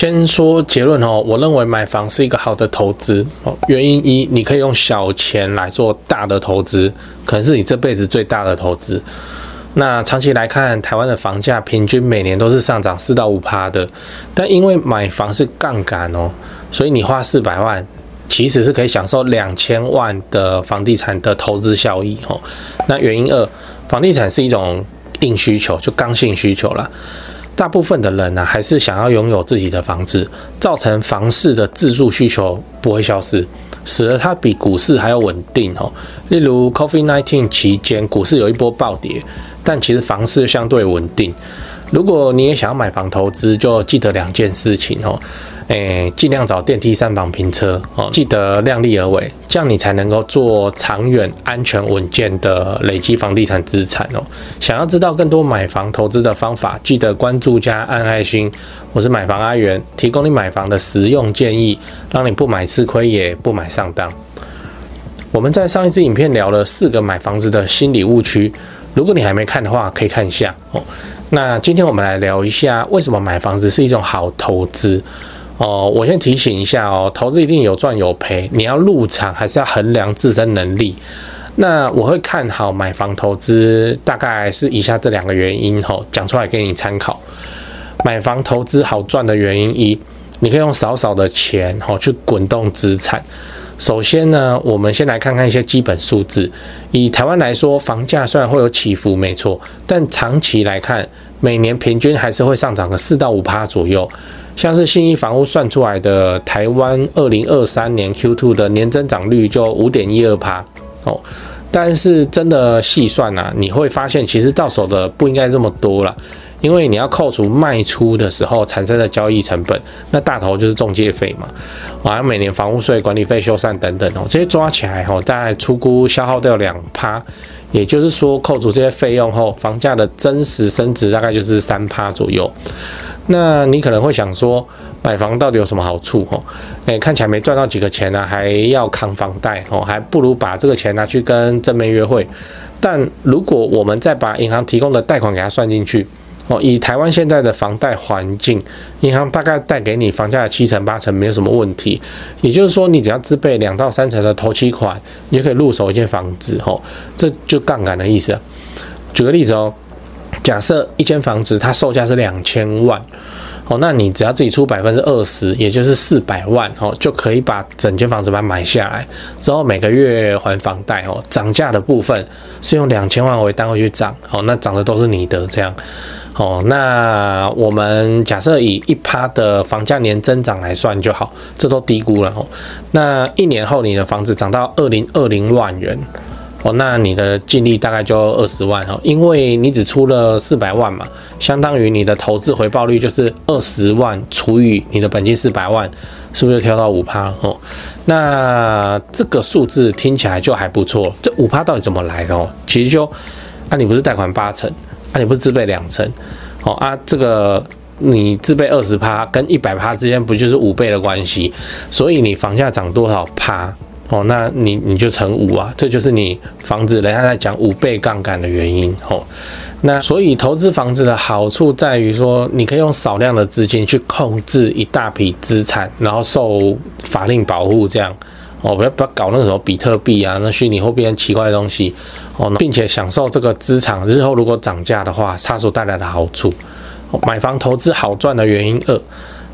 先說結論哦，我認為買房是一個好的投資哦。原因一，你可以用小錢來做大的投資，可能是你這輩子最大的投資。那長期來看，台灣的房價平均每年都是上漲四到五趴的。但因為買房是槓桿哦，所以你花四百萬，其實是可以享受兩千萬的房地產的投資效益哦。那原因二，房地產是一種硬需求，就剛性需求啦。大部分的人呢、啊，還是想要擁有自己的房子，造成房市的自住需求不會消失，使得它比股市還要穩定哦。例如，COVID-19 期間，股市有一波暴跌，但其實房市相對穩定。如果你也想要買房投資，就記得兩件事情哦。誒、欸，儘量找電梯三房平車哦，記得量力而為，這樣你才能夠做長遠、安全、穩健的累積房地產資產哦。想要知道更多買房投資的方法，記得關注加按愛心。我是買房阿元，提供你買房的實用建議，讓你不買吃虧也不買上當。我們在上一支影片聊了四個買房子的心理誤區，如果你還沒看的話，可以看一下哦。那今天我們來聊一下為什麼買房子是一種好投資。哦，我先提醒一下哦，投資一定有賺有賠，你要入場還是要衡量自身能力。那我會看好買房投資，大概是以下這兩個原因吼，講出來給你參考。買房投資好賺的原因一，你可以用少少的錢吼去滾動資產。首先呢，我們先來看看一些基本數字。以台灣來說，房價雖然會有起伏，沒錯，但長期來看，每年平均還是會上漲個四到五趴左右。像是信義房屋算出來的，台灣二零二三年 Q2 的年增長率就五點一二趴哦。但是真的細算啊，你會發現其實到手的不應該這麼多了，因為你要扣除賣出的時候產生的交易成本，那大頭就是中介費嘛，好像每年房屋稅、管理費、修繕等等哦，這些抓起來哦，大概粗估消耗掉兩趴，也就是說扣除這些費用後，房價的真實升值大概就是三趴左右。那你可能會想說，買房到底有什麼好處吼、哦、誒、哎，看起來沒賺到幾個錢呢、啊，還要扛房貸吼、哦，還不如把這個錢拿去跟正面約會。但如果我們再把銀行提供的貸款給它算進去哦，以台灣現在的房貸環境，銀行大概貸給你房價的七成八成，沒有什麼問題。也就是說，你只要自備兩到三成的頭期款，你就可以入手一間房子吼、哦，這就槓桿的意思。舉個例子哦。假設一間房子它售價是兩千萬，哦，那你只要自己出百分之二十，也就是四百萬，哦，就可以把整間房子把它買下來，之後每個月還房貸，哦，漲價的部分是用兩千萬為單位去漲，哦，那漲的都是你的這樣，哦，那我們假設以一趴的房價年增長來算就好，這都低估了，哦，那一年後你的房子漲到二零二零萬元。哦，那你的淨利大概就二十萬，哦，因為你只出了四百萬嘛，相當於你的投資回報率就是二十萬除以你的本金四百萬，是不是就跳到五趴哦？那這個數字聽起來就還不錯，這五趴到底怎麼來的哦？其實就，那、啊、你不是貸款八成，那、啊、你不是自備兩成，哦啊，這個你自備二十趴跟一百趴之間不就是五倍的關係？所以你房價漲多少趴？哦，那你你就乘五啊，這就是你房子人家在講五倍槓桿的原因哦。那所以投資房子的好處在於說，你可以用少量的資金去控制一大筆資產，然後受法令保護這樣。哦，不要不要搞那種什麼比特幣啊，那虛擬貨幣奇怪的東西。哦，並且享受這個資產日後如果漲價的話，它所帶來的好處。買房投資好賺的原因二，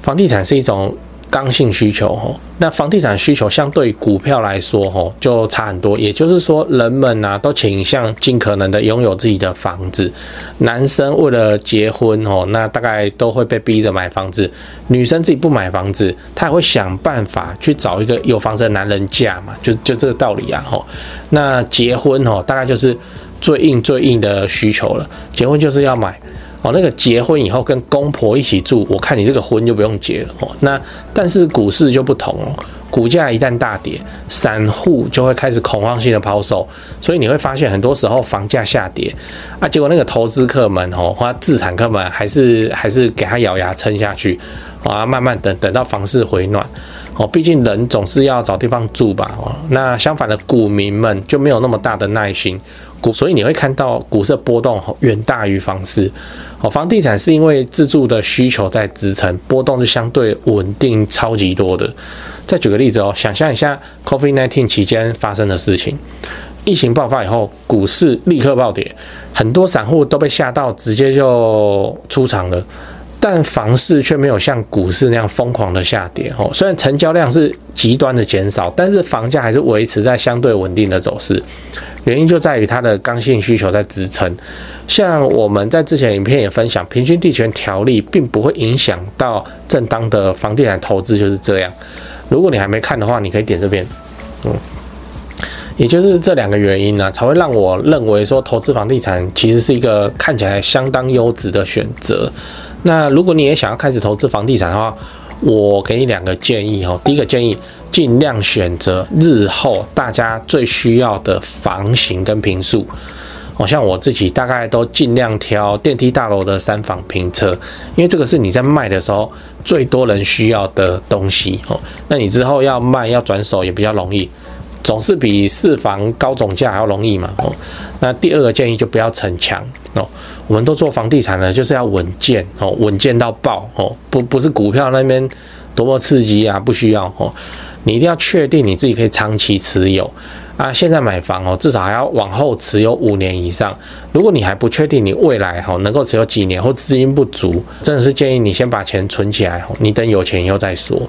房地產是一種。剛性需求，吼，那房地產需求相對於股票來說，吼，就差很多。也就是說，人們啊，都傾向儘可能的擁有自己的房子。男生為了結婚，吼，那大概都會被逼着買房子；女生自己不買房子，她也會想辦法去找一個有房子的男人嫁嘛，就就這個道理啊，吼。那結婚，吼，大概就是最硬最硬的需求了。結婚就是要買。哦，那個結婚以後跟公婆一起住，我看你這個婚就不用結了哦。那但是股市就不同哦，股價一旦大跌，散戶就會開始恐慌性的拋售，所以你會發現很多時候房價下跌啊，結果那個投資客們哦，或、啊、資產客們還是還是給他咬牙撐下去，哦，啊，慢慢等等到房市回暖。哦，畢竟人總是要找地方住吧。哦，那相反的股民們就沒有那麼大的耐心，股，所以你會看到股市的波動遠大於房市。哦，房地產是因為自住的需求在支撐，波動是相對穩定，超級多的。再舉個例子哦，想象一下 COVID-19 期間發生的事情，疫情爆發以後，股市立刻暴跌，很多散戶都被嚇到，直接就出場了。但房市卻沒有像股市那樣瘋狂的下跌哦。雖然成交量是極端的減少，但是房價還是維持在相對穩定的走勢。原因就在於它的剛性需求在支撐。像我們在之前的影片也分享，平均地權條例並不會影響到正當的房地產投資，就是這樣。如果你還沒看的話，你可以點這邊，嗯，也就是這兩個原因呢啊，才會讓我認為說投資房地產其實是一個看起來相當優質的選擇。那如果你也想要開始投資房地產的話，我給你兩個建議哦。第一個建議，盡量選擇日後大家最需要的房型跟坪數。哦，像我自己大概都盡量挑電梯大樓的三房平車，因為這個是你在賣的時候最多人需要的東西哦。那你之後要賣要轉手也比較容易。總是比市房高總價還要容易嘛？哦，那第二個建議就不要逞強哦。我們都做房地產的，就是要穩健哦，穩健到爆哦。不，不是股票那邊多麼刺激啊，不需要哦。你一定要確定你自己可以長期持有。啊，現在買房哦，至少還要往後持有五年以上。如果你還不確定你未來哦，能夠持有幾年，或資金不足，真的是建議你先把錢存起來哦，你等有錢以後再說。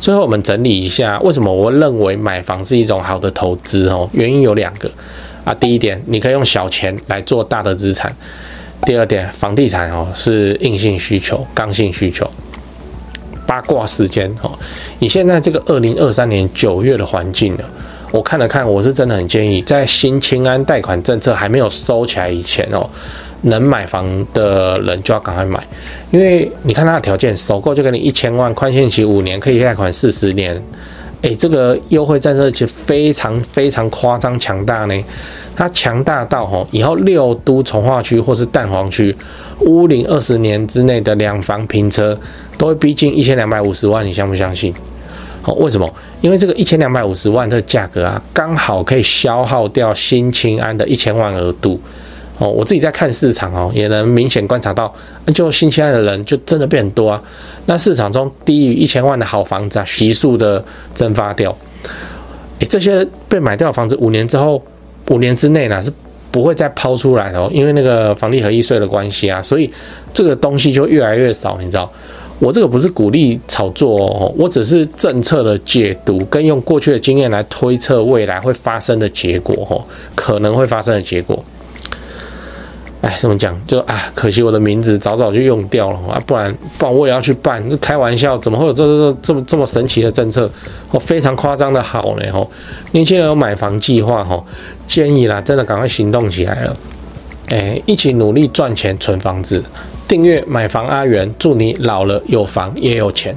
最後我們整理一下，為什麼我認為買房是一種好的投資哦？原因有兩個啊。第一點，你可以用小錢來做大的資產。第二點，房地產哦是硬性需求、剛性需求。八卦時間哦，你現在這個二零二三年九月的環境啊。我看了看，我是真的很建議，在新青安貸款政策還沒有收起來以前哦，能買房的人就要趕快買，因為你看它的條件，首購就給你一千萬，寬限期五年，可以貸款四十年，誒、欸，這個優惠政策其實非常非常誇張強大呢。它強大到吼，以後六都重劃區或是蛋黃區，屋齡二十年之內的兩房平車都會逼近一千兩百五十萬，你相不相信？哦、為什麼？因為這個一千兩百五十萬的價格啊，剛好可以消耗掉新青安的一千萬額度。哦，我自己在看市場哦，也能明顯觀察到、啊，就新青安的人就真的變多啊。那市場中低於一千萬的好房子啊，急速的蒸發掉、欸。這些被買掉的房子五年之後，五年之內呢，是不會再拋出來的哦，因為那個房地合一稅的關係啊，所以這個東西就越來越少，你知道。我這個不是鼓勵炒作哦，我只是政策的解讀，跟用過去的經驗來推測未來會發生的結果、哦，吼，可能會發生的結果。哎，這麼講？就啊，可惜我的名字早早就用掉了啊，不然不然我也要去辦。開玩笑，怎麼會有這這這麼這麼神奇的政策？哦，非常誇張的好呢，吼、哦，年輕人有買房計劃，吼、哦，建議啦，真的趕快行動起來了，唉、欸，一起努力賺錢存房子。訂閱買房阿元，祝你老了有房也有錢。